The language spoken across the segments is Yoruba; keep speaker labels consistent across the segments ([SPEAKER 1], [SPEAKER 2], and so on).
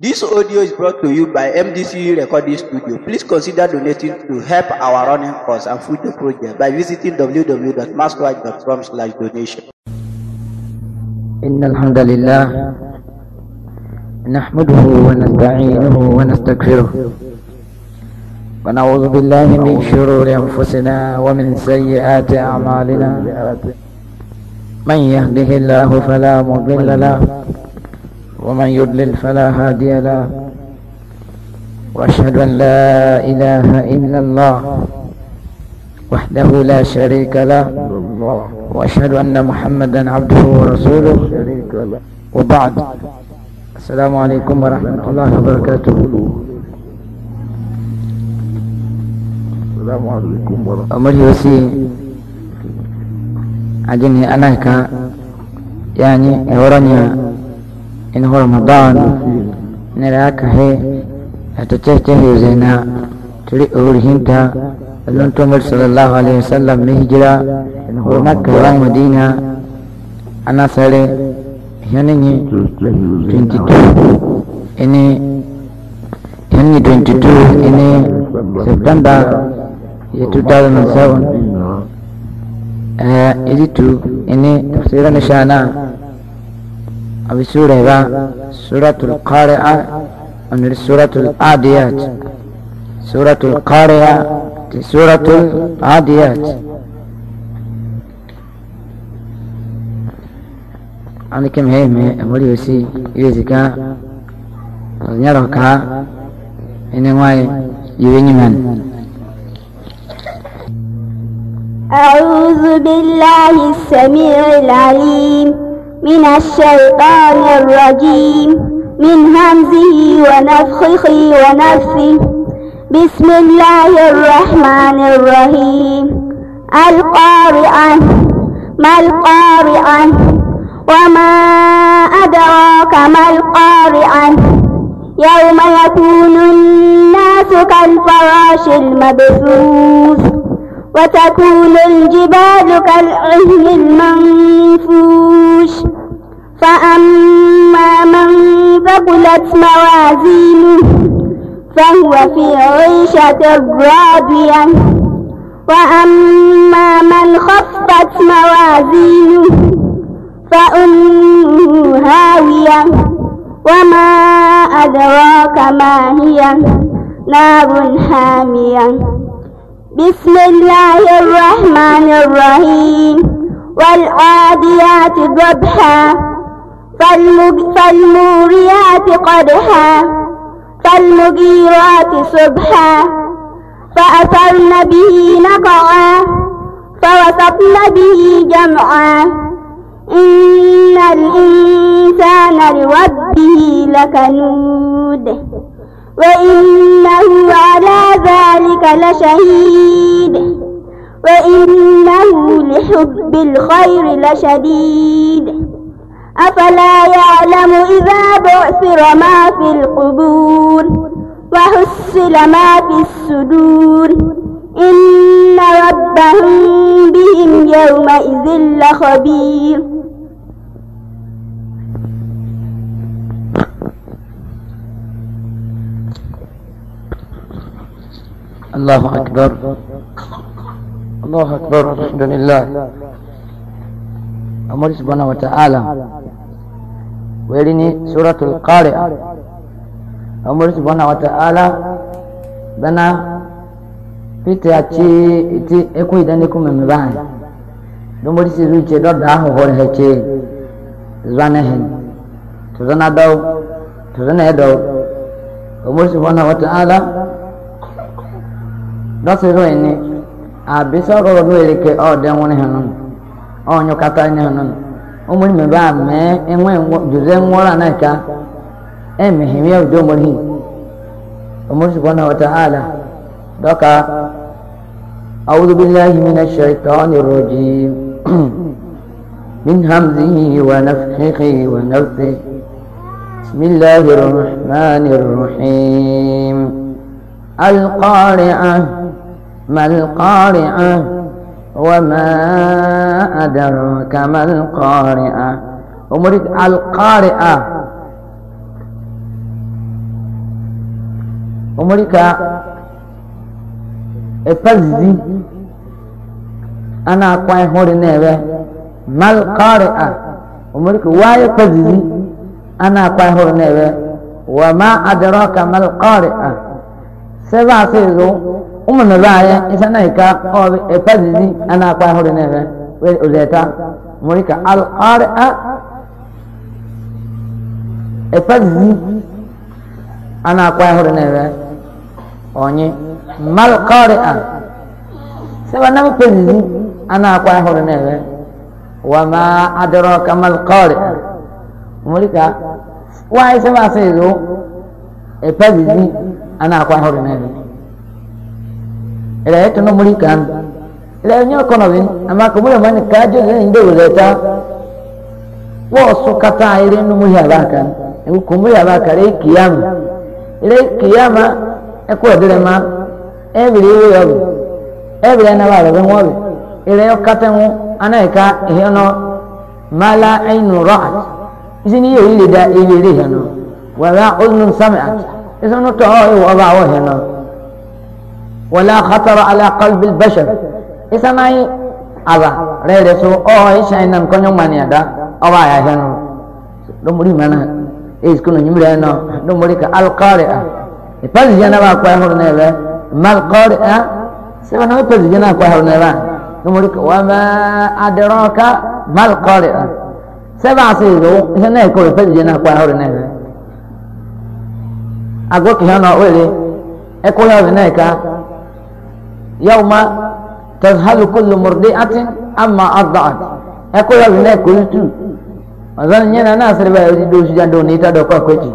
[SPEAKER 1] This audio is brought to you by MDC Recording Studio. Please consider donating to help our running costs and future project by visiting www.maskwatch.com slash donation.
[SPEAKER 2] إن الحمد لله نحمده ونستعينه ونستغفره ونعوذ بالله من شرور أنفسنا ومن سيئات أعمالنا من يهده الله فلا مضل له ومن يضلل فلا هادي له واشهد ان لا اله الا الله وحده لا شريك له واشهد ان محمدا عبده ورسوله وبعد السلام عليكم ورحمه الله وبركاته
[SPEAKER 3] السلام عليكم ورحمه مجلسي
[SPEAKER 2] عجني اناك يعني اورانيا إنه رمضان نراك هي أتتشته زينا تري أورهنتا لن تمر صلى الله عليه وسلم مهجرة إنه مكة مدينة أنا سالي هنيني
[SPEAKER 3] 22
[SPEAKER 2] إني هني 22 إني سبتمبر 2007 آه، إذي تو إني تفسيرا نشانا أبي سورة با سورة القارعة
[SPEAKER 3] أن سورة العاديات
[SPEAKER 2] سورة القارعة
[SPEAKER 3] سورة العاديات
[SPEAKER 2] أنا كم هي مولي وسي يوزيكا نيروكا إنه واي من
[SPEAKER 1] أعوذ بالله السميع العليم من الشيطان الرجيم من همزه ونفخه ونفسه بسم الله الرحمن الرحيم القارئة ما القارئة وما أدراك ما القارئة يوم يكون الناس كالفراش المبثوث وتكون الجبال كالعهن المنفوش فأما من ثقلت موازينه فهو في عيشة راضية وأما من خفت موازينه فأمه هاوية وما أدراك ما هي نار حامية بسم الله الرحمن الرحيم والعاديات ضبحا فالموريات قدحا فالمغيرات صبحا فأثرن به نقعا فوسطن به جمعا إن الإنسان لربه لكنود وإنه على ذلك لشهيد وإنه لحب الخير لشديد أفلا يعلم إذا بعثر ما في القبور وحصل ما في السدور إن ربهم بهم يومئذ لخبير
[SPEAKER 2] الله أكبر
[SPEAKER 3] الله أكبر الحمد لله
[SPEAKER 2] أمر سبحانه وتعالى wẹ́rí ní suratul qari'a ọmọdé subhanahu wa ta'ala bẹ́nà pété àti ètí ẹkún ìdánikún mẹ́mẹ́ báyìí lọ́mọdé sì rújẹ dọ́dà ahọ́họ́ rẹ̀ ṣe zanahin tòzánà dọ́w tòzánà ẹ̀dọ́w ọmọdé subhanahu wa ta'ala lọ́sẹ̀rọ̀ ẹni àbísọ̀rọ̀ ọ̀dọ́ èrèké ọ̀ọ́dẹ́wọ́n ní hàn náà ọ̀ọ́nyọ́kátá ní hàn náà. ومن من بعد ما إما جزء ولا نكا إما هميا ودومه ومن سبحانه وتعالى دكا أعوذ بالله من الشيطان الرجيم من همزه ونفخه ونفثه بسم الله الرحمن الرحيم القارعة ما القارعة وما أدرك ما القارعة ومريد القارعة ومريكا إفزي أنا أقوي هوري نيوه ما القارعة ومريكا واي إفزي أنا أقوي هوري نيوه وما أدرك ما القارعة
[SPEAKER 3] سبع سيزو ụmụ na ụba anyị
[SPEAKER 2] ịsa na ịka ọbị efazizi a na-akwa ahụrụ n'ebe wee ozeta mụrụ ka alụ ọrụ a efazizi a na-akwa ahụrụ n'ebe onye mmalụ kọrị a sịba na mpezizi a na-akwa ahụrụ n'ebe wa ma adịrọ ka mmalụ kọrị a mụrụ ka nwaanyị sịba asị ịzụ efazizi a na-akwa ahụrụ ila yetu no muri kan ila nyo kono bin ama ko mure man ka jo ne inde uleta wo su kata ile no muri alaka e ko muri alaka re kiyama ile kiyama e ko dele ma e bi ile yo
[SPEAKER 3] e bi na ba be mo bi ile yo kata mu ana ka e no
[SPEAKER 2] mala ainu ra'at izini yo ile da ile re hano wala uznun sami'at
[SPEAKER 3] izini to o wa ba wa
[SPEAKER 2] hano ولا خطر على قلب البشر إسمعي أبا ريرسو أو إيش أنا مكون يوم ماني هذا أو أي هذا دموري مانا إيش كنا نمر أنا دموري كالقارئة جنا با بقى هو نبى ما القارئة سمعنا بس جانا بقى هون نبى دموري وما أدراك ما القارئة
[SPEAKER 3] سبع سيرو هنا
[SPEAKER 2] يكون بس جنا بقى هو نبى أقولك هنا أولي
[SPEAKER 3] أقول هذا إيه كا
[SPEAKER 2] yawma tazhalu kullu murdi'atin amma arda'at e ko yawi ne ko tu azan nyana na sare ba yodi do sujan do ni ta do ko ko ti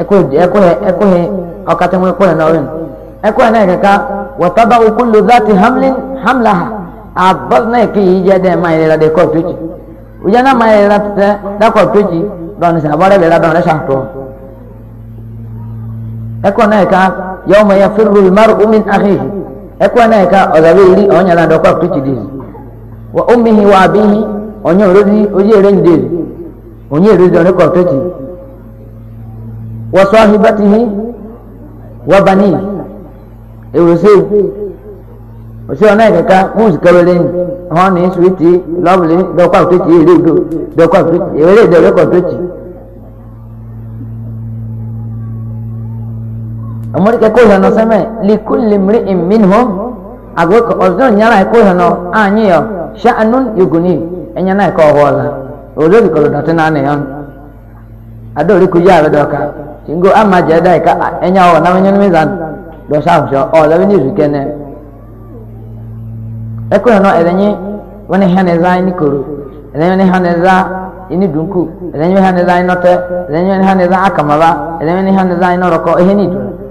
[SPEAKER 2] e ko e ko e ko he o ka tamu ko na wen e ko na ka wa tadau kullu dhati hamlin hamlaha abbas na ki ije de ma ira de ko tu ti ujana ma ira ta da ko tu ti don sa bare le ra don sa to e ekwe na ka ọzara iri onye na ndọkwa kuchidizi wa umihi wa abihi onye oriri onye erendizi onye erezi onye kọfechi wa wa bani ewusi osi ona ikaka mus kawele hon ni switi lovely dokwa kuchichi ere udo dokwa kuchichi ere amori ke ko hano seme li kulli mri'in minhum agwe ko ozo nyara ko hano anyi yo sha'anun yuguni enya na ko hola ozo bi ko do tena ne yon adori ku ya be doka singo ama je dai ka enya o na menyen mi zan do sa so o le ni zikene e ko kuru edenyi wani ini dunku edenyi hane zai note edenyi hane akamaba edenyi hane zai noroko eheni dun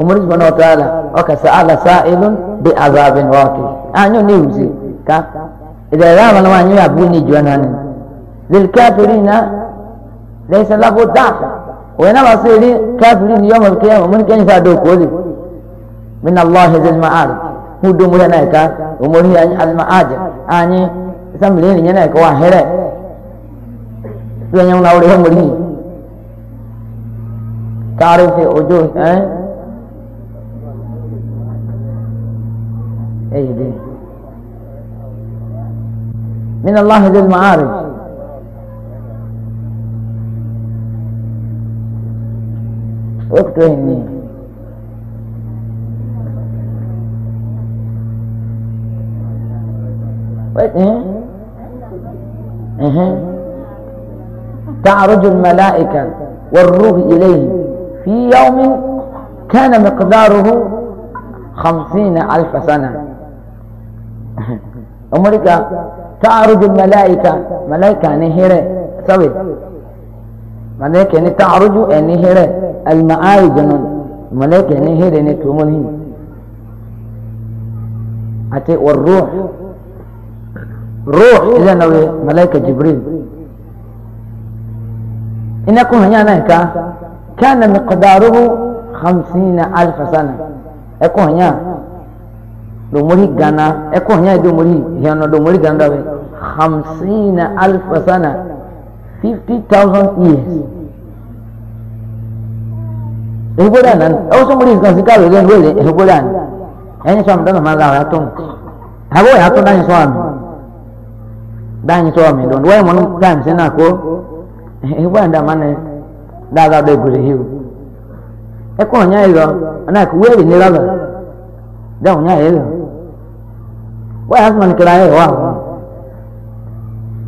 [SPEAKER 2] ومن سبحانه وتعالى وكسأل سائل بعذاب واقع أنا نيمزي كا إذا رام الله أن يبني جوانان للكافرين ليس له دافع وين وصيلي كافرين يوم القيامة من كان يفادوك ولي من الله ذي المعارف هدو مهنائك ومرهي أن المعاجر أني سملين ينائك واحرة لن يمنع وليهم مرهي تعرف وجوه أه؟ أيدي من الله ذي المعارف وقته النية تعرج الملائكة والروح إليه في يوم كان مقداره خمسين ألف سنة أمريكا تعرج الملائكة ملائكة نهرة يعني سويت ملائكة يعني تعرج نهرة يعني المعارج يعني. ملائكة نهرة نتومله أتي والروح روح إذا نوي ملائكة جبريل إن يكون هنا كان مقداره خمسين ألف سنة أكون هنا domori gana eko nya domori hiano domori ganda we hamsina alfa sana 50000 years ebola nan awo somori nkan sika lo den wele ebola ni ẹni sọ mi dọ́nà máa lára tó àbó ìyá tó dáyìn sọ àmì dáyìn sọ àmì dọ̀nà wáyé mọ́nú táìmù sí náà kó ebola ní dàmánà dáadáa dọ̀ ìgbèrè yìí o ẹkọ ọ̀nyá yìí lọ ọ̀nà ìkúwé èrè ní lọ́lọ́. 让我家儿子。wai asman kira ya wa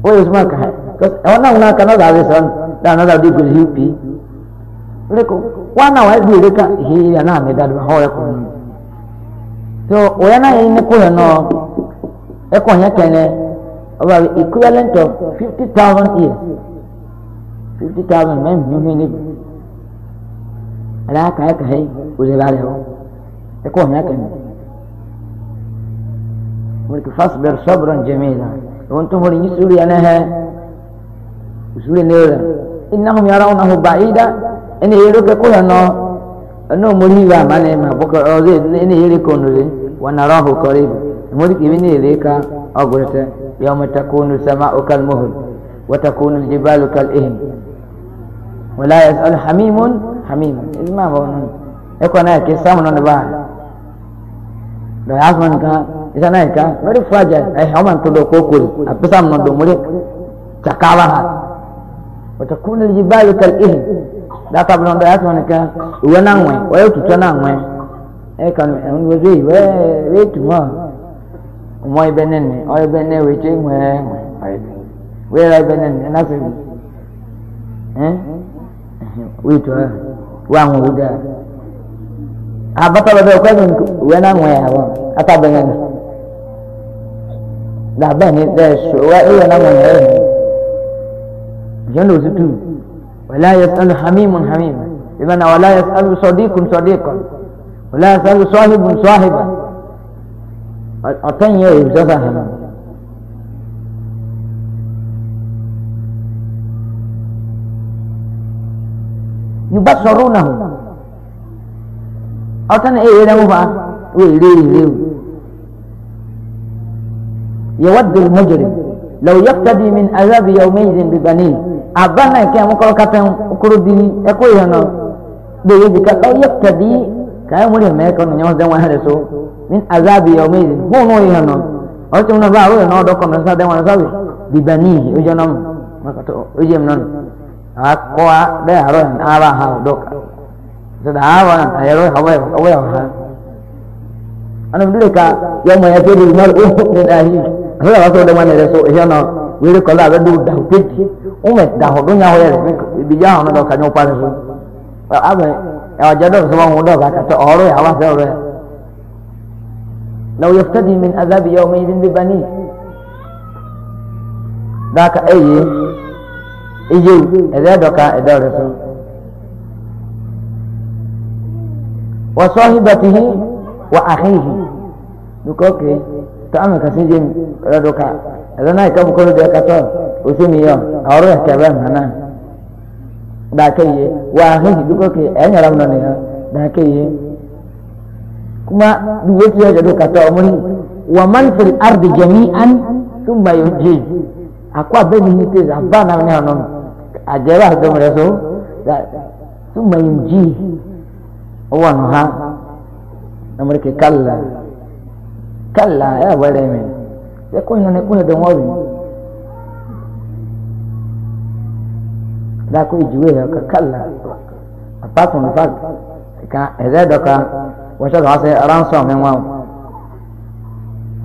[SPEAKER 2] wai usman ka wannan una kana da zai san da na da dukkan hipi leko wana wa bi leka hi ya na me da ho ya ko so oya na yin ko ya no e ko ya kene
[SPEAKER 3] about equivalent of 50000 years
[SPEAKER 2] 50000 men you mean it ala ka ka hai ule ba le ho e ko ya kene قلت فاصبر صبرا جميلا وانتم ولي يسولي انا ها يسولي نيرا انهم يرونه بعيدا ان يروك كل انه انه مريبا ما نما بكر اوزي ان يريكون لي ونراه قريب مولك ابن اليك اقولت يوم تكون السماء كالمهل وتكون الجبال كالإهن ولا يسأل حميم إذ ما بقول يكون هيك سامن بقى لا يعرف من كان isanaika very fragile eh ama mtondo kokuri apesa mnondo mule chakaba ha watakuna aljibalu kalih daka mnondo yake oneka uwe nangwe wewe tutwa ngwe eh kan eh, unwezi we we we tuma umoi benene oyo benen we ngwe we la eh? eh, ah, na nafi eh we witwa wangu uda abata bada kwa wenangwe hawa hata benene làbẹ́ni lẹ́sù wá ẹ̀yẹ náà wọ̀nyẹ̀ ẹ̀yẹ jẹ́n ló tutù wàlá yẹ sálù hamimu hamimu ìmọ̀ náà wàlá yẹ sálù sọdíkùn sọdíkùn wàlá yẹ sálù sọ́hìbùn sọ́hìbà ọ̀tẹ́yìn yẹ èyí sọ́fà hàn. yorùbá sọ̀rọ̀ náà ọ̀tẹ́ni ẹ̀yẹ náà wọ́n fa wọ́n èrè èrè o. يود المجرم لو يقتدي من عذاب يومئذ ببنيه أبانا كي أمكر كاتم أكرو ديني أكو هنا بيجي كا لو يقتدي كاي مري ميكا نيوز دموا هرسو من عذاب يومئذ هو نو يهنا أرسل من بعض يهنا دوكم نسا دموا نساوي ببنيه يجنم يجنم أكوا ده هروه نعبا هاو دوكا سيدا هاو هيروه هواي هواي هواي أنا لك يوم يفيد المرء من أهيه ahira wa so da mane re so ehia no wele kola abe du da hukiti ume da hodo nya ho yele bija hono do kanyo pa so abe ya jado so ma hodo ba ka to oro ya wa so oro law yaftadi min adhab yawm idin bi bani daka eye ije ede do ka ede ro so wa sahibatihi wa akhihi dukoke okay. tama ka sijin raduka adanay ka bukuru de ka to usini yo awro ka ban hana da ke yi wa ni duko ke en ram na ne da ke yi kuma duwe ke ya duka to mun wa man fil ardi jami'an thumma yuji akwa be ni te za ba na ne anon ajela do mere so da thumma yuji owa no ha namre ke kallah كلا يا ولمن يكون هنا يكون دموي da ku ijiwe ya ka kalla apart from the fact ka eze doka wasa da wasa aran so men wa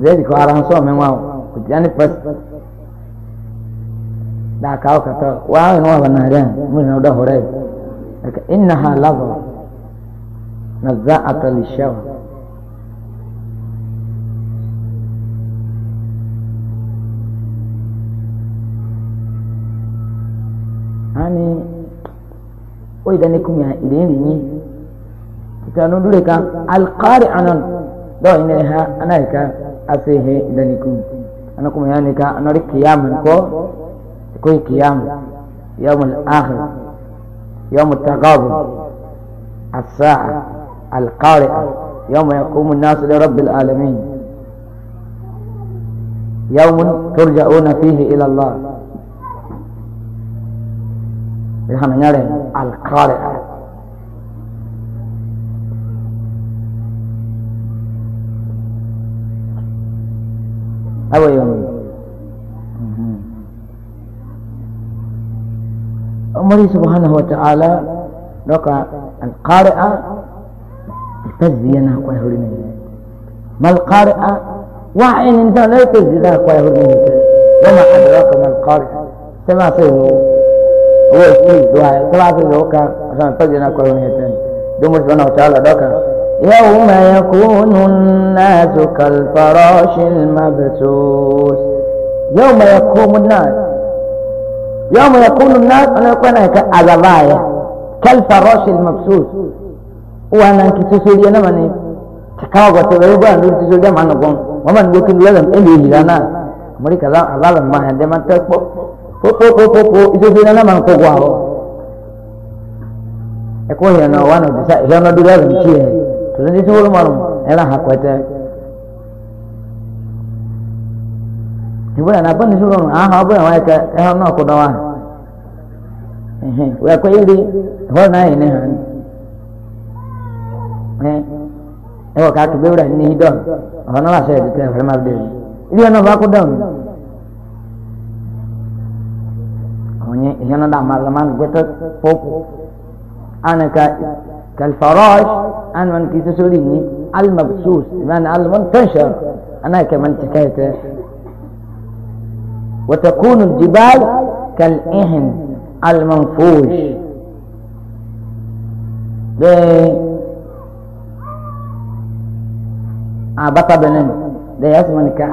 [SPEAKER 2] zai ko aran so men wa ku jani pas da ka ka to wa no wa na ran mun no da hore ka innaha lazu nazaata lishawa hani oida ne kuma idan rinyi ta no dure ka alqari anan da ina ha ana ka asehe idan kun ana kuma yani ka ana ri kiyaman ko ko kiyam yawm al akhir
[SPEAKER 3] yawm al taqabul
[SPEAKER 2] as-sa'a al-qari'a yawm yaqumu an-nasu li rabbil alamin يوم ترجعون فيه إلى الله نحن نعلم القارئ أو أمري سبحانه وتعالى لقى القارئة تزينها كويهورين ما القارئة وعين إنسان لا يتزينها كويهورين وما أدراك ما القارئة سما سيهو هو يسمي دعاء كما في الوقع عشان تجينا كل نيتين دوم سبحانه وتعالى دوكا يوم يكون الناس كالفراش المبثوث يوم يقوم الناس يوم يكون الناس أنا يكون كالأذبايا كالفراش المبثوث وانا كتسولي انا مني كما قلت بيقول انا كتسولي انا مني ومن يمكن لازم اني هلانا مريكا لا لا ما عندما تكبر na na popopopopo ijobira namanko gwaho
[SPEAKER 3] ekohirana wanodisa ilanodira bintiye tulendisiwolumalum era hakwete
[SPEAKER 2] ibula nabo nisulonu aha obula waeka ehano okudowa wekwe iri honaine han ewo e kakibewura nihidon ohonolasayedite fremabdiri iliyonovakudomu هوني هنا دا معلمان قتت فوق أنا ك كالفراش أنا من كي تسوليني المبسوس من المن تنشر أنا كمن تكيت وتكون الجبال كالإهن المنفوش a baka benin da ya su manika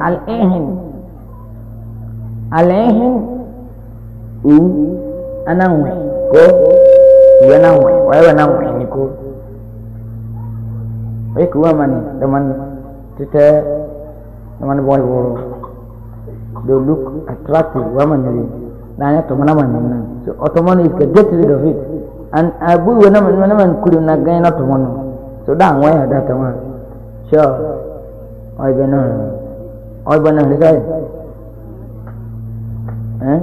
[SPEAKER 2] u ana nwe ko uwe na nwe wewe na nwe ni ko we kuwa mani daman tete daman boy woro do look attractive woman ni Nanya ya tomana ni? na so ni is get rid of it and abu we na man man kurim na gain na tomana so da nwe ya da tomana sure oi bena oi bena ni sai eh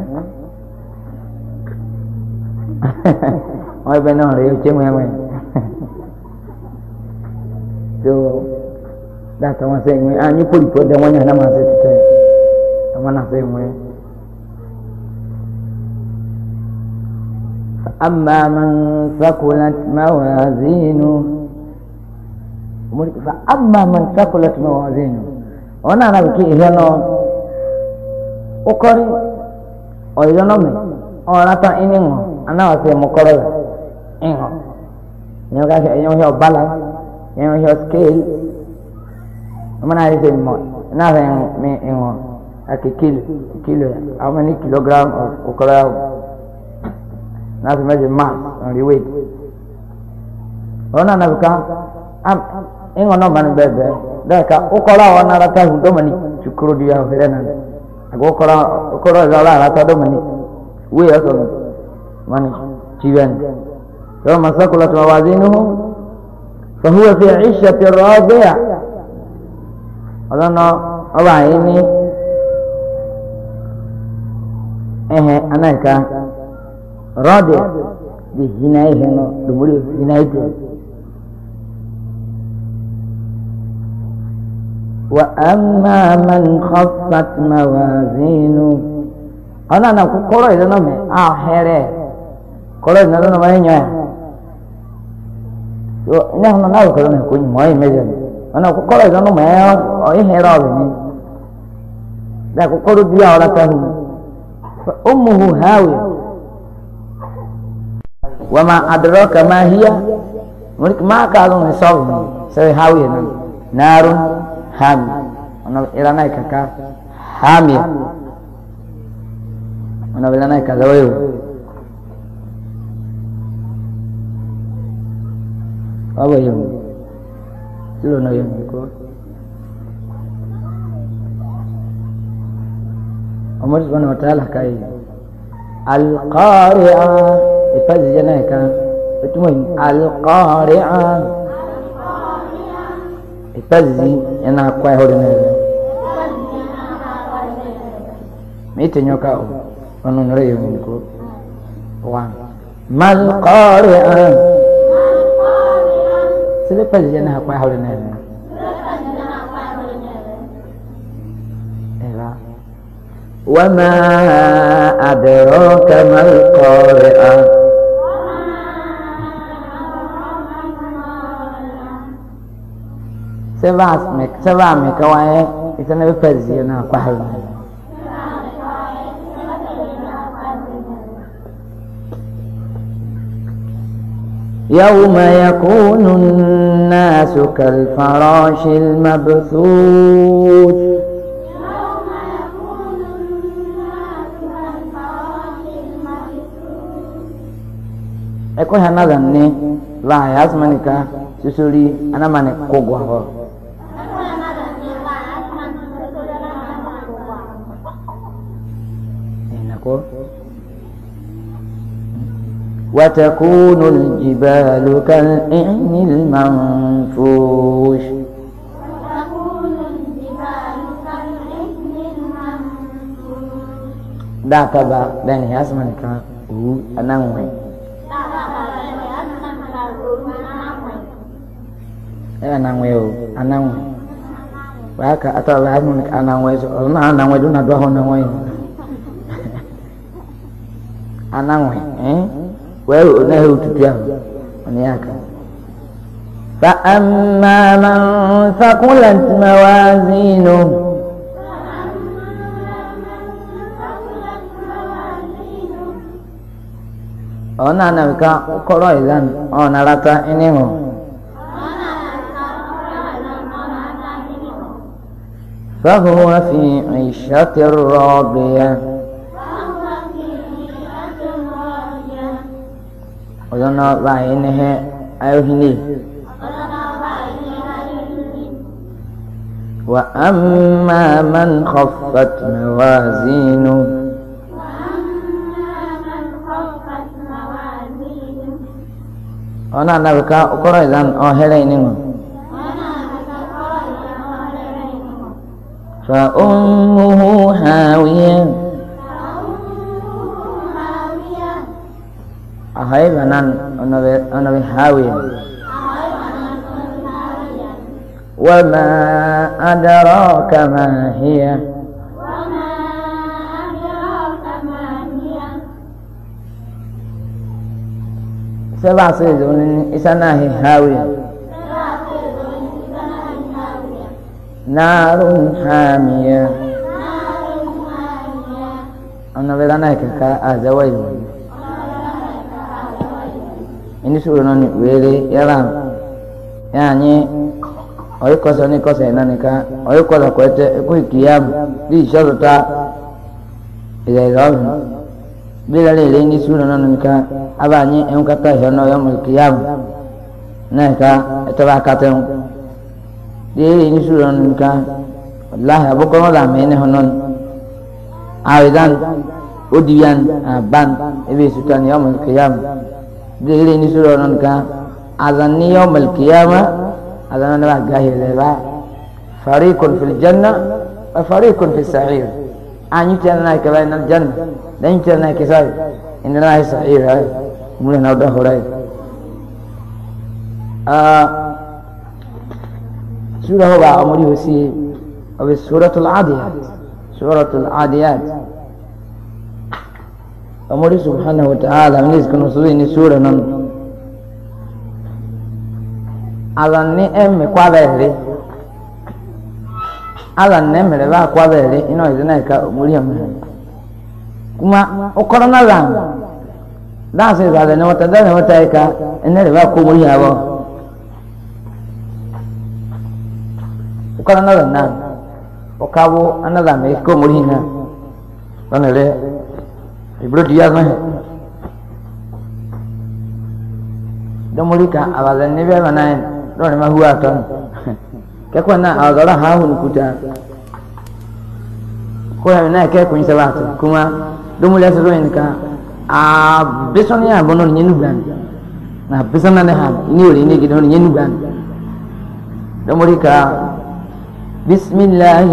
[SPEAKER 2] wọ́n bẹ náà rèé ṣé wọ́n wẹ̀ so dáta wọn sẹ́yìn wẹ́ anyi pólìpọ́ dẹ wọ́n yàn lámà sẹ́yìn tẹ́ àwọn náà sẹ́yìn wẹ́. أما sakulat, mawazinu. موازينه فأما من ثقلت موازينه ọ̀nà àná kí ìhẹ́ lọ ó kọ́rí ọ̀yọ́ lọ́mì ọ̀rá tán ẹni wọ̀n anáwó sí mu kọ́rọ́ rẹ̀ ìhàn ìyẹn ká ṣe ẹ̀yìn wọ́n ṣe ọ̀bálà ẹ̀yìn wọ́n ṣe ọ̀skéèlì ọmọ náà ṣe mọ̀ náà fẹ́ mi ìhàn àti kìlò kìlò how many kilogram of okoro ahụ náà fi mẹ́sẹ̀ mass on the weight ọ̀hún náà nàbìkà ìhàn náà mọ̀ ní bẹ́ẹ̀ bẹ́ẹ̀ bẹ́ẹ̀ ká okoro àwọn náà rátà ìhùn dọ́mọ̀ ní chukuru di ahọ́ fẹ́rẹ́ náà àgọ́ okoro ọ̀zọ́ ọ̀la rátà dọ́mọ̀ ní wíyà ọ̀sọ̀ náà. من تيبان يوم ثقلت موازينه فهو في عشة الرابع أظن أبعيني إيه أنا كا رابع دي هناي هنا دمولي هناي وأما من خفت موازينه أنا أنا كورا إذا نمي آخره آه، kolo na lono Eu não, yo ina hono na kolo na kunyi mai meje ana ko não na no me o i hero ni da ko kolo dia ora ta hu fa ummuhu hawiya wa ma adraka ma hiya mulik ma ka lo ne so ni sai na narun hami ana ilana na hami ana Apa yang? Lo na yang ikut. Umar subhanahu wa ta'ala kai Al-Qari'a Ipaz Itu muhim Al-Qari'a Ipaz yana kwai hori na yana Mite nyoka Ono nore yungu Wan Mal-Qari'a sai dai kwazi yana akwai haure na yare وما أدراك ما القارعة سبع اسمك سبع مكواي إذا أنا بفرزي أنا أكوحل يوم يكون الناس كالفراش المبثوث ẹkọ yẹn náà dàn ní láàyè asọmọ nìkan sísorí anamani kó gbọ وتكون الجبال كالعهن المنفوش da ta ba da ne asman ka u anan wai eh anan wai o anan wai ba ka ata ba anan wai so na anan wai duna do honan anan wai eh ويؤنه تتيام ونياك يعني إيه فأما من ثقلت موازينه أنا نبكى كرو أنا أنا رتا إنه فهو في عيشة راضية ولنا بعينها أهني وأما من خفت موازينه أنا نبكى قريدا أهلين فأمه هاوية ahai banan ona وما أدراك ما هي سبع
[SPEAKER 3] أدراك ما هي
[SPEAKER 2] سبع سيزون إسناه هاوية نار حامية أنا بدنا كذا أزواجه ini suruh nani wele yala yani oyi kosa ni kosa ina nika oyi kosa kwete iku ikiyam di ishoro ta ila ilobi bila lele ini suruh nani nika aba nyi emka ta shono yomu ikiyam nika etaba katem di ini suruh nani nika wallahi abokono la mene honon
[SPEAKER 1] awidan odiyan aban ah, ebe sutan yomu
[SPEAKER 2] ikiyam جيلي نسرون كا اذن يوم القيامه اذن انا باه فريق في الجنه وفريق في السعير ان يتلنا كبين الجنه لا يتلنا كسر ان الله سعير هاي من هنا وده هاي سورة هو عمري وسي أو سورة العاديات سورة العاديات Amori subhanahu wa ta'ala minis kono suri ni sura non ala ni emme kwa bere ala ne mere ba kwa bere ino izina ka muri amma kuma ukorona lan da sai da ne wata da ne wata ka ene ba ko muri hawo ukorona lan na ukawo anala me ko muri na don le ibro diya ma he don muri ka awazan ni be mana en don ni ma huwa ton
[SPEAKER 3] ke ko na awazara ha hun kuta
[SPEAKER 2] ko ya na ke kun salatu kuma don mu lasu don ka a bison ya bonon ni nu gan na ah, bison na ne ha ni ori ni gidon ni nu gan don muri ka بسم الله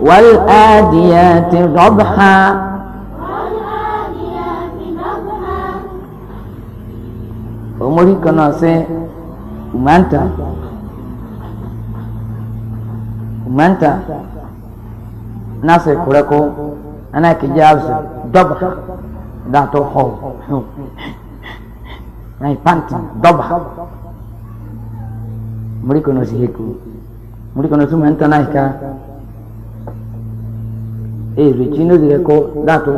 [SPEAKER 2] والآديات ضبحا omori kan náà sẹ umanta umanta nasa kureko ana kejì absa dọba dàtọ họ na ipanti dọba omori kan náà sẹ heku omori kan náà sẹ umanta náà ika e vicino di Reco dato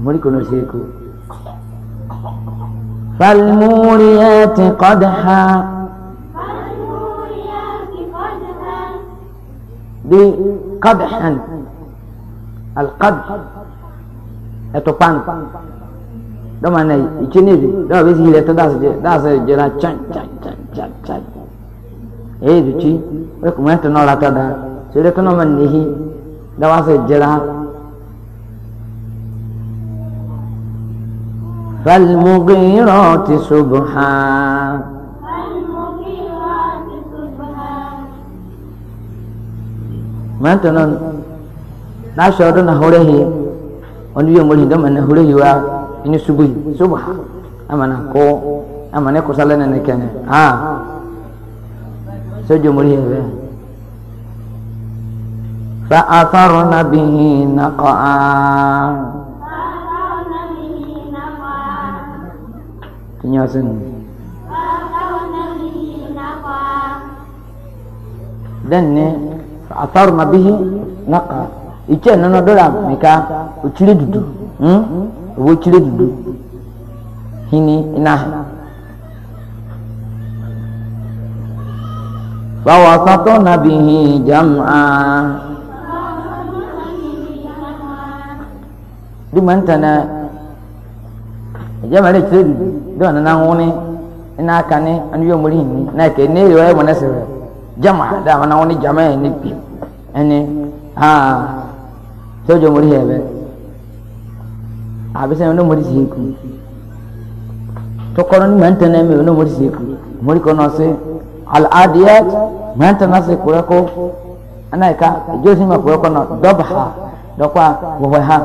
[SPEAKER 2] moriko no seku فالموريات قدحا بقدحا القدح اتوبان dọ́mà náà ìkíníbi dọ́mà bí sílẹ̀ tó dáàsì jẹ́ra chan chan chan chan chan èyí ìdùtí wẹ́kùnmọ́ ẹ̀tọ́ náà látọ̀ dáa ṣe lẹ́tọ́ náà mọ̀ nìyí da wasu jira فالمغيرات صبحا mantanon na shaudu na hurehi wani yi mulhi don mana hurehi wa ini subuhi subha amana ko amana ko salana ne kenan ha sojo mulhi ya فأثرن به نقعا Kenyasin. Dan ni, atar nabi nak ikhya nana dola mereka ucili dudu, hmm, ucili dudu. Hini, inah. Bawa satu nabi jamah duman tana jamare tsebi don na ngone ina kane anu yo muri ni na ke ne yo e mona sebe jama da na ngone jama ni pi ene ha to jo muri hebe abisa no muri siku to kono ni man tana me no muri siku muri kono se al adiyat man tana se kurako ana ka jo sima kurako no dobha dɔkpa wɔwɔ ha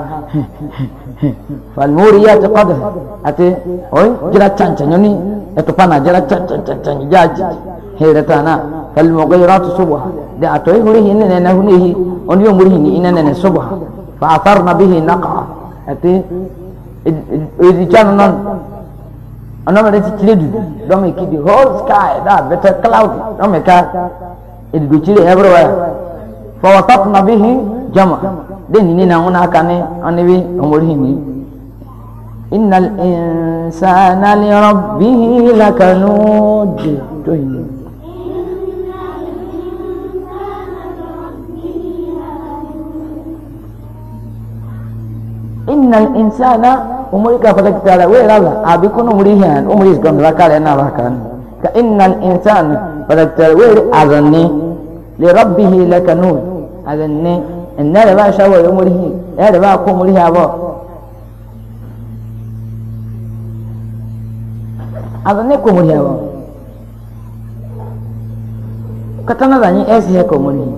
[SPEAKER 2] falimori yɛ ti kɔdɛ ati ɔyi jira cancan nyɔni ɛtupa na jira cancan jaa hɛrɛ ta na falimɔgɔ yɔrɔ ti so bɔ de a tɔ yi hori hin nɛnɛ nahu ne hi ɔni yɛ muri hin ina nɛnɛ so bɔ fa a fari na bi hin na kaa ati edi can nɔn ɔnɔmɛ de ti tile du dɔmɛ ki di whole sky da better cloud dɔmɛ ka edugbo tile everywhere fa wasap na bi hin jama. دهنينا هنا كاني أنبي أمرهني إن الإنسان لربه لكنود دهني إن الإنسان أمري كفلك تعالى وير الله أبي كن أمري هان أمري سكون لكالة نا كإن الإنسان فلك تعالى وير أذني لربه لكنود أذني ina da ba shawo yi murhi ina da ba ko murhi ba a zane ko murhi ba ka tana zanyi esi ya ko murhi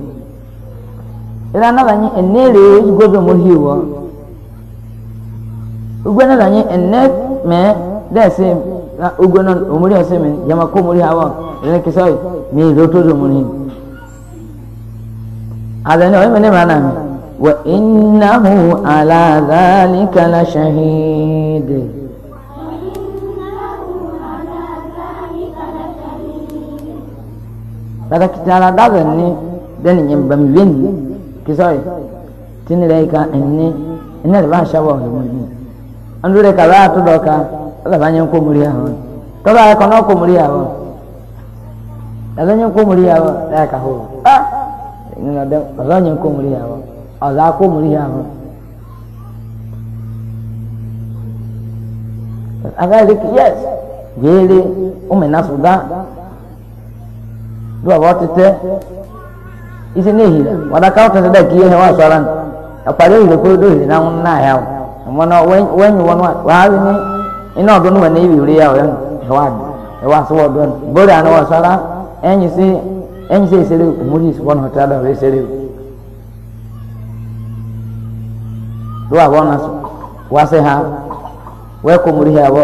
[SPEAKER 2] ina na zanyi ene re yi gobe murhi wa ugwe na zanyi ene me da ese ugwe na umuri ese me yama ko murhi ba ina kisai me zoto zo murhi àtẹni ọ̀hún ní màánà mi wà ináhu aláàdáníkàlá ṣahídì. pàtàkì tí ara dábẹ̀ ní dẹ́nu yẹn bàmí wẹ́nu kí sọ́ọ̀yì tí ní rẹ̀ ká ẹni ẹni rẹ̀ bá ṣàwọ̀ ọ̀hún mi. ọ̀nà rẹ̀ kàwé àtúndọ̀ ká ọ̀là bá yẹn kó múri àwọn tọ́lá ẹ̀kọ́ náà kó múri àwọn ẹ̀lẹ́yìn kó múri àwọn ẹ̀ kà hó ina da zanyin ko muri yawa a za ko muri yawa a ga da ki yes gere umme nasu da duwa ba ta te isi ne hira wada ka ta da ki yawa saran a pare da ko do hira nan na yawo amma na wani wani wa ni ina don wani bi yawo yan yawa yawa so don bora na wasara enyi si ẹni sẹ ẹsẹ rẹ omori subhanahu wa ta'ala ọrẹ ẹsẹ rẹ o do abọ na so wase ha wẹkọ omori ha abọ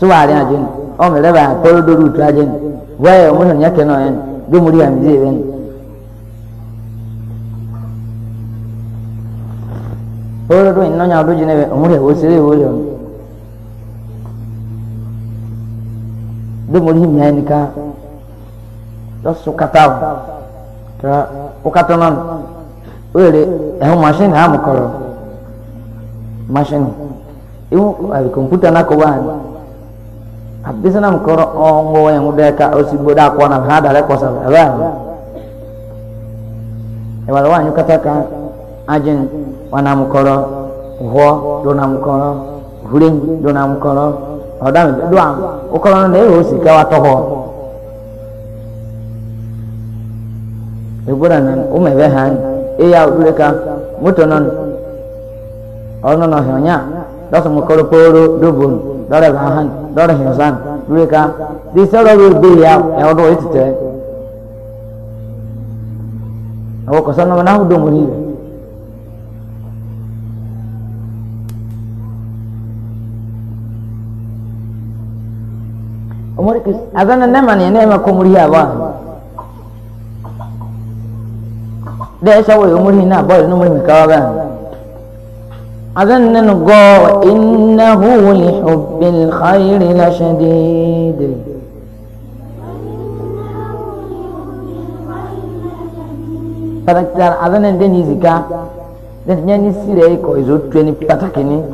[SPEAKER 2] so wà àárín àjẹ nù ọmọ ẹrẹ bá tọrọ dọrọ òtún àjẹ nù wẹẹ omori ọ̀nyá kẹ náà yẹn dɔsu kataw tɛ wokata nanu oyere ɛhu mashini ha mukɔrɔ mashini ihu ayi kɔmputa na kɔba ni abisa na mukɔrɔ ɔngo wɔyɛ ŋu dɛka osi bo da kɔ na ha da lɛ kɔsɔ ɛbɛ ayi ɛwà lɔwɔ anyi kata ka adzin wana mukɔrɔ hɔ do na mukɔrɔ hulen do na mukɔrɔ ɔdami do a wokɔrɔ na eho sika wa tɔhɔ. ebora nan ume be han e ya uleka moto nan ono no honya dosa mo koro poro dubun dore ba han dore hinsan uleka di soro ru be ya e odo itite awo ko sono na hudu muri umuri kis azana nemani ne ma ko muri ya ba dai saboda umurhi na ba ni umurhi kawa ba azan nan go innahu li hubbil khair la shadid paraktar azan nan den yizika den nyani sire ko izo tweni patakini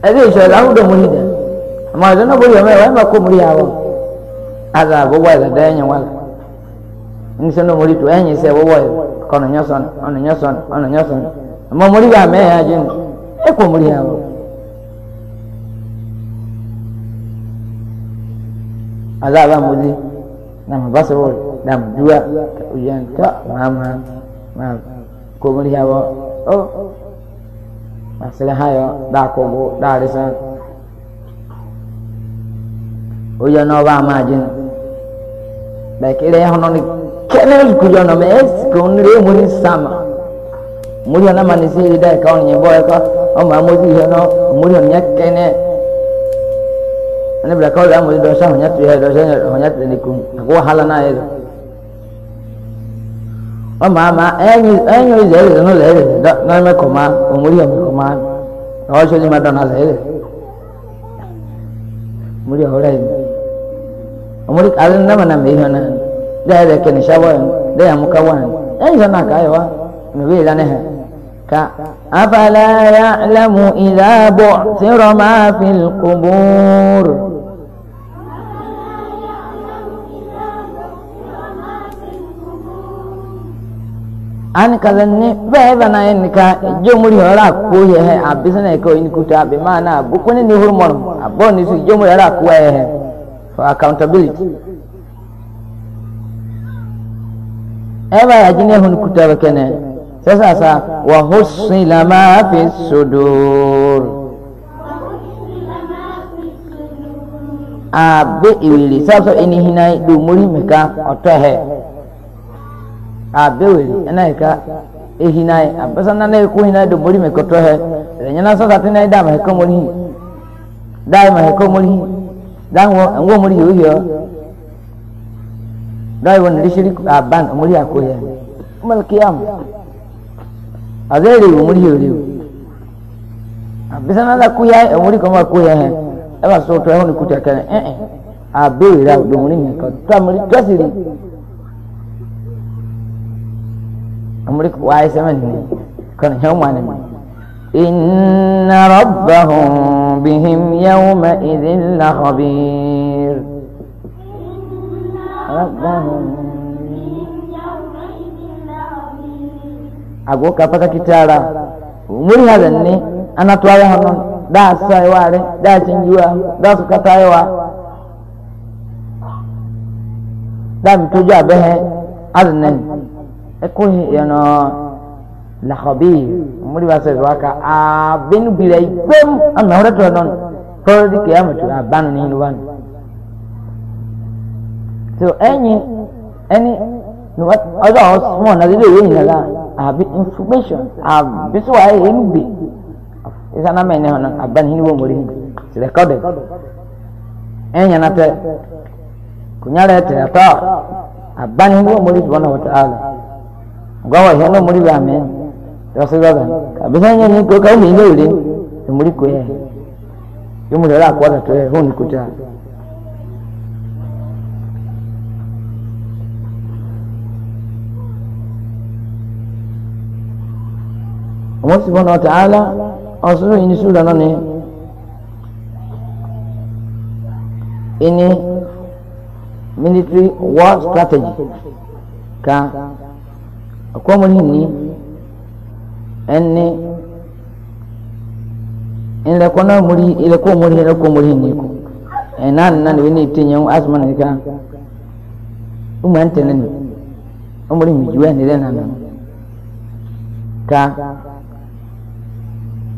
[SPEAKER 2] ade isha lawo do mulida amma zan bo yame wa ma ko muriyawo aza bo wa da danya wala ni sanu muri to enyi se bo wa ọ̀nà yẹn sọ̀nù ọ̀nà yẹn sọ̀nù ọ̀nà yẹn sọ̀nù ọmọ mori bá mẹ́ ẹ̀yà jẹ́nu ẹ e kò mori yà wọ́. aláàbá mo lé nàmú bá sọ̀rọ̀ nàmú dúwà òyìn tó màá ma màá kò mori yà wọ́ ó màsílẹ̀ hà yọ bó dáa rí sàn náà bá a jẹ́nu bẹ́ẹ̀ kí ilé ni. kene kujo no me es kun re muri sama muri na mani eh, si eh, da ka on yebo ka o ma mo si no muri on yak kene ne bla ka la muri do sa on yak tu do sa on yak ni kun ko hala na e o ma ma enyu enyu je le no le do na me ko ma o muri o me ko ma o so ni ma do na le muri ho re o muri ka le na ma na me ho na dai da ke nishawa da ya muka wani yan zana ka aiwa nabi ila nahi ka afala ya'lamu idza bu'thira ma fil qubur an kazan ne bai bana yin ka je muri hora ko ye he abisana ko in kuta bi mana bukuni ni hurmon abon ni su je muri hora ko
[SPEAKER 3] for accountability
[SPEAKER 2] ẹ̀bà yàjú ní ẹ̀hún kùtà kẹ́nẹ̀ sẹ́sàsà wà hó sin lámà fi sòdòr. àbẹ ìwìrì sáfẹ́ ẹni hinna lòmórí mìka ọ̀tọ̀ ẹ̀ àbẹ ìwìrì ẹ̀nà ìka ehinna àbẹ́sẹ̀ nánà ẹ̀kọ́ hinna lòmórí mìka ọ̀tọ̀ ẹ̀ ẹ̀yẹ́nà sọ́sà tí náà dàmà ẹ̀kọ́ mọ́rí dàmà ẹ̀kọ́ mọ́rí dàmà ẹ̀kọ́ mọ́rí yóò yọ dai wani rishiri aban ah, muri akoya mal qiyam azere muri yori abisana da kuya muri ah, kama kuya he eba so to ehun kuta kan eh eh abe ah, ra do muri ni kan ta muri tasiri amuri ko ai saman ni kan hewma ne inna rabbahum bihim yawma idhin la
[SPEAKER 3] ربهم ago ka faka kitara
[SPEAKER 2] muri hadan ne ana tuwaya hannun da sa yi ware da cin yiwa da su kata yawa da mi tuju abehe
[SPEAKER 3] adunan
[SPEAKER 2] ekuhi yana lahabi muri ba sai zuwa ka abin birai gbem an mahuratu hannun kawai dike ya mutu a banu ne hinuwa ne so ẹ̀yin ẹni ọjọ́ àwọn small náà lílo ìwé yìí náà àbí information àbí sọ wàá yẹ ẹnu gbè ìsáná mẹ́rin náà àbẹ́ni yìí ni wọ́n mọ̀ recorded ẹ̀yìn náà tẹ kunyala ya tẹ̀yàtọ̀ àbẹ́ni yìí wọ́n mọ̀ wa ta'ala gbọ́wọ́ ìyẹn náà mọ̀ rí bàmí lọ́sọ̀rọ̀ àbí sẹ́yìn ní kókó ẹ̀yìn ní òde ìmúrí kò yẹ yóò mú lọ́la àkọ́dà tó yẹ hóun wọ́n sì wọ́n ọ̀tá àlá ọ̀sọ́rọ̀ yìí ní sùúrù náà ni ìní military war strategy ka ọ̀kọ́mọ́ni ní ẹni ilẹ̀kọ́ náà múri ilẹ̀kọ́ múri ilẹ̀kọ́ múri ní ikú ẹ̀ náà nínú náà ní ti yẹn asọ́mọ́ náà ká ọmọ ẹ̀ ń tẹ̀lé ní ọmọ rẹ̀ mi jù nílẹ̀ náà ka.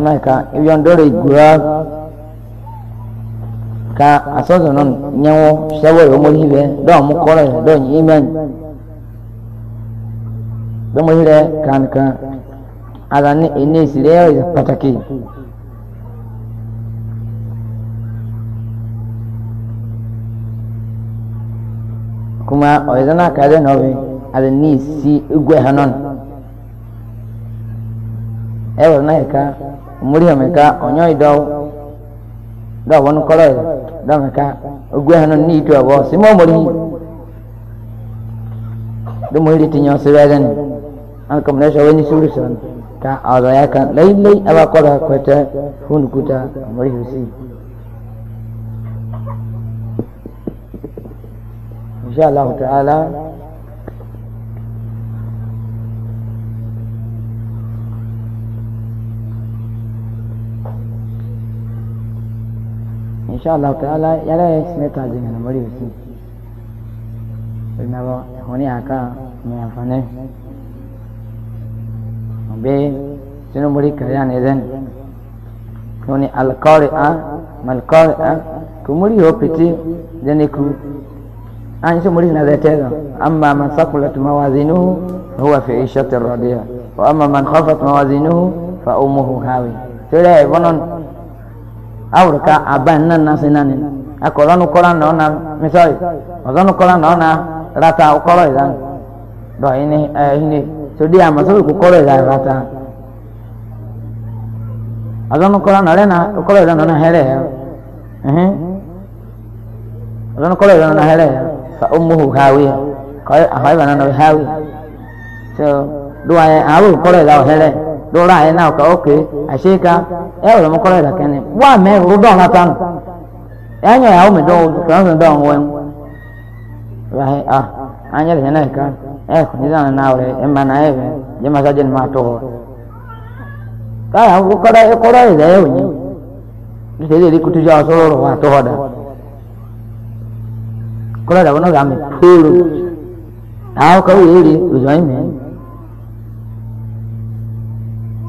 [SPEAKER 2] anaika ibiyondore gura ka asozo non nyawo shawo yo muri be do mu kore do nyi imen do mu hire kan ka ala ni ini sire yo pataki kuma oyezana kare nobe ala ni si igwe hanon ewo na ka muri ameka onyo idaw
[SPEAKER 3] da won koro da meka ogwe hanu ni itu abo simo muri
[SPEAKER 2] do muri tinyo siradan an kam na shawen suru san ta aza ya kan lai lai aba kora kwata hun kuta muri husi insha Allah ta'ala ان شاء الله تعالى يلا سميتا زين مريم سي بنبا هوني اكا ميا فني بي سنو مري كريا نيزن هوني الكوري ا ملكوري ا كمري هو بيتي زينكو ان آه، سو مري نذا تيغا اما من ثقلت موازينه هو في عيشه الرضيع واما من خفت موازينه فامه هاوي تلاي بنون awurika aban nan na sin nani akɔrɔ nu kɔra na ɔna misɔri ɔzɔ nu kɔra na ɔna rata ɔkɔrɔ yi lan dɔ ɛni ɛni sodi amasɔri ko kɔrɔ yi lan rata ɔzɔ nu kɔra na ɔrɛna ɔkɔrɔ yi lan ɔna hɛrɛ yɛ ɛhɛn ɔzɔ nu kɔrɔ yi lan ɔna hɛrɛ yɛ fa omuhu hawi kɔɛ afɔyiba nana hawi so do ayɛ awo kɔrɔ yi lan ɔhɛrɛ lórí àyè náà ok, ókè àṣeyíká ẹ wọlé mọkọrọ ẹ̀dá kẹ́ni wà mẹ́ rúdọ̀ ọ̀nà tánu
[SPEAKER 3] ẹ̀ ń yàn ìyàwó mi dọ̀wọ́ fẹ́ràn mi dọ̀wọ́ wọ́n
[SPEAKER 2] rahe ah an yẹlẹ yẹn náà ká ẹ kò ní sàn náà rẹ ẹ mà náà ẹ fẹ jẹ máa sájẹ ni máa tó họ káyà ń kọ́ra ẹ kọ́ra ẹ̀ lẹ́yìn òní nítorí èdè kutu jẹ́ ọ̀ṣọ́ rọrùn wà tó họ dà kọ́ra dàbọ̀ náà rà mí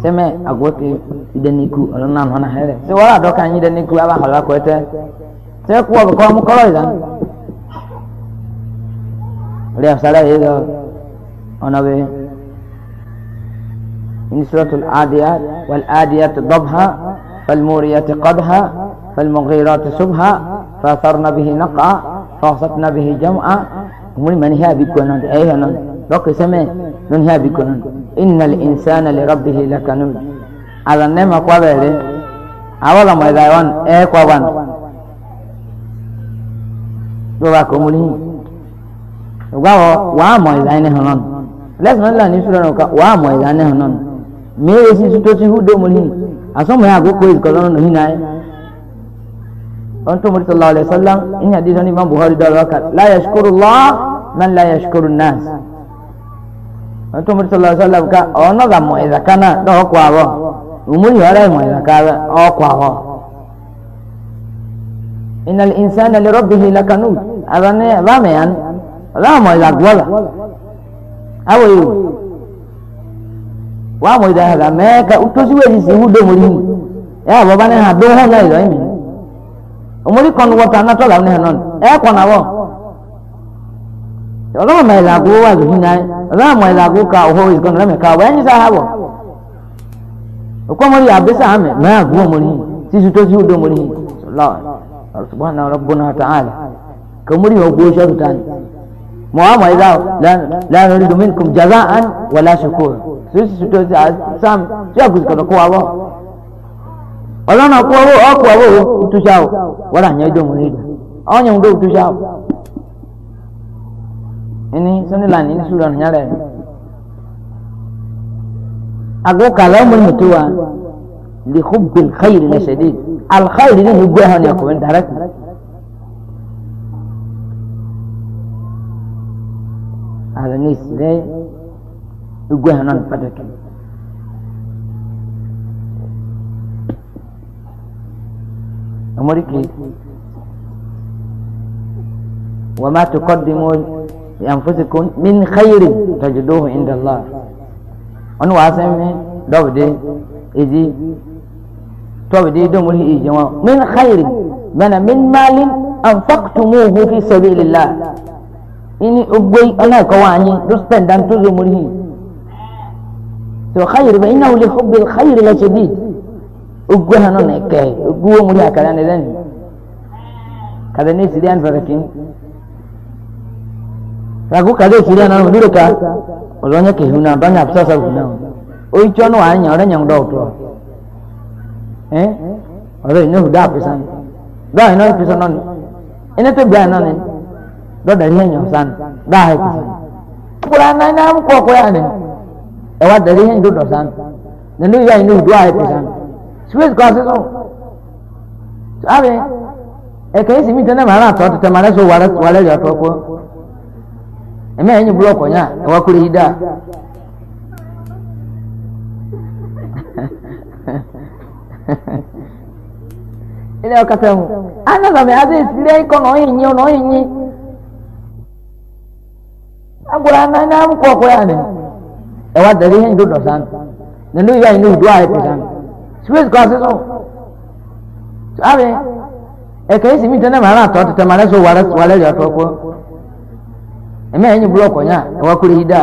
[SPEAKER 2] sɛmɛ agote idaniku ɔlɔnam hɔn ahɛrɛ sɛ wɔn adɔ kan yi idaniku aba hɔn akɔɛtɛ sɛ kó ɔbɛ kɔ ɔmu kɔlɔ yìí lɛ afisala yìí lɛ ɔnɔbi nisrɔtu adiya wal adiya ti dɔbha falmoriya ti qadha falmogiro ti subha fasarna bihi naqa fasatna bihi jam'a umuri mani hɛ abi kɔnɔ ɛyɛ hɛ nɔn. doki seme nun hiya bikunun innal insana li rabbihi lakanud ala nema kwa bele awala mo da wan e kwa wan do ba ko muni wa wa mo da ne hanon les non la ni sura no ka wa mo da ne hanon me esi suto ti hudo muni aso mo ya go ko ko non ni nai onto muri sallallahu alaihi wasallam in hadith ni imam bukhari da la yashkurullah man la yashkurun nas ọtún mọtò lọ sọlọ ká ọ̀nà gà mọ ìzàká náà dọ̀ ọkọ̀ àwọ̀
[SPEAKER 3] òmùrì ọ̀rẹ́ mọ ìzàká ọkọ̀ àwọ̀.
[SPEAKER 2] ìnà ìnsán ẹlẹ́rọ bìhì lakanú àbámi àbámẹ́yàn ọlọ́wọ́ mọ ìzàgbọ́lá awọ yìí wàá mọ ìdàgbà mẹ́ẹ̀ka utósíwèé ti sèwú dòmòrì yìí
[SPEAKER 3] ẹ̀ àbọ̀bá náà àdó hàn náà ìlọ́ ìmì
[SPEAKER 2] òmùrì kan wọ́tà anátọ́ làwọn ẹ̀ náà ẹ̀ kọ̀ náà wọ̀ ọlọ́wọ́ mọ ìzàgbọ́ wà lóhùn náà ra mo ila ku ka ho is going to me ka wa ni sa ha wo ko mo ya be sa me na gu mo ni si su to si do mo ni la subhanahu rabbuna ta'ala ka muri ho go sha tan
[SPEAKER 3] mo ama ila la la nuridu minkum jazaan wala shukura si su to si sam ya ku ko ko wa
[SPEAKER 2] ọlọ́nà kú ọwọ́ ọkọ̀ ọwọ́ òtúnṣà ò wọ́n rà ní ẹjọ́ mọ̀ nígbà ọ̀nyẹ̀ ń dó òtúnṣà ò ini sunnilan ini sudah nyale aku kalau menutua li khubbil khair la shadid al khair ini juga hanya aku mendarat هذا نيس لي يقول هنا نفتك أمريكي وما تقدموا بأنفسكم من خير تجدوه عند الله أنا واسم دوبدي إذي توبدي دمره إجماع من خير من من مال أنفقتموه في سبيل الله إني أبوي أنا كواني رستن دان تزمره سو خير فإنه لحب الخير لشديد أبوي هنو نكه أبوي مريا كلا نذن كذا نسي دي أنفسكم ragu kale kiri na nuru ka olonya ke huna banya tsasa huna oi chono anya ore nyang do to eh ore nyu da pisan do ino pisan non ina te bia non. do da nyu san da ha pisan kula na na
[SPEAKER 3] mu ko ko ane
[SPEAKER 2] e wa da nyu do san ne nyu ya nyu do ha pisan swiss ka se so abe e kai simi tana mara to te mara so wala wala ya to ko ɛmɛ yɛ nye bulɔkɔ nya ɛwɔ kuli yi da ilé ɔkasa mu anasami adi esire ikɔ na ɔyin nyi na ɔyin nyi agbora nana kɔ ɔkɔ ya ni ɛwà dari do dɔsan nínú yíyá yìí ní ìdúrà yìí pèsè àná space kọ́ ha sùn eme enyi blọk ọnya ewakuri hida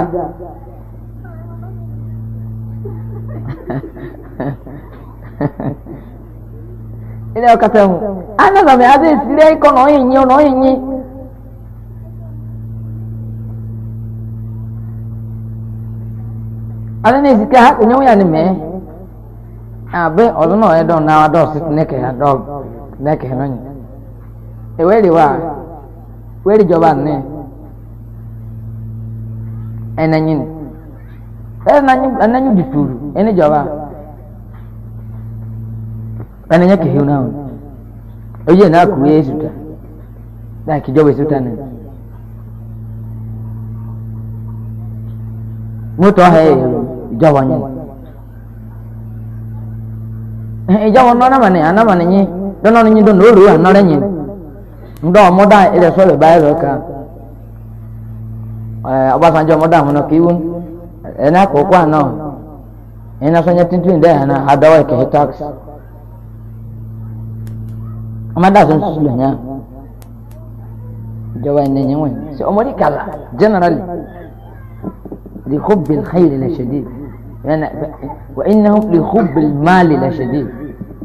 [SPEAKER 2] A ọkasa mu ana ga m adị esiri ịkọ na ọnyị nyi na ọnyị nye adị na ezike ha ya abe na ọnyị dọọ na adọọ sị neke ya dọọ neke ya n'onye ewere wa nne. ɛnanyini ɛnanyi ɛnanyi duturu ɛni jaba ɛnanya kehew naa
[SPEAKER 3] oye naa kuru yɛ esuta
[SPEAKER 2] naa kijɔba esuta na moto ɔha yɛ yɛlo ijɔba nyɛ ijɔba nɔ nama ne anama ne nye dɔnɔ ne nye dɔnɔ o ro anɔ ne nye ndɔ ɔmo da ɛdɛ sɔlɔ ọbasanjọ mọdà múná kí wú
[SPEAKER 3] ẹnà àkókò àná
[SPEAKER 2] ẹnà sọnyẹ tuntun dẹ ẹnà adáwọ ìkẹyẹ tax ọmọdé àti nsúsú lẹyìn ìjọba ẹni ẹyìn wọn ṣe ọmọdé kàlà generally lè lè kó ṣẹ̀dí لحب الخير لشديد يعني وإنهم لحب المال لشديد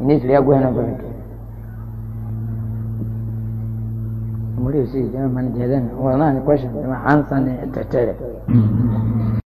[SPEAKER 2] الناس اللي يقول ẹ̀
[SPEAKER 3] முடிவு செய்யணும் மன்னிச்சதன் ஒரு நாள் question ஹான்சன் டெஸ்ட்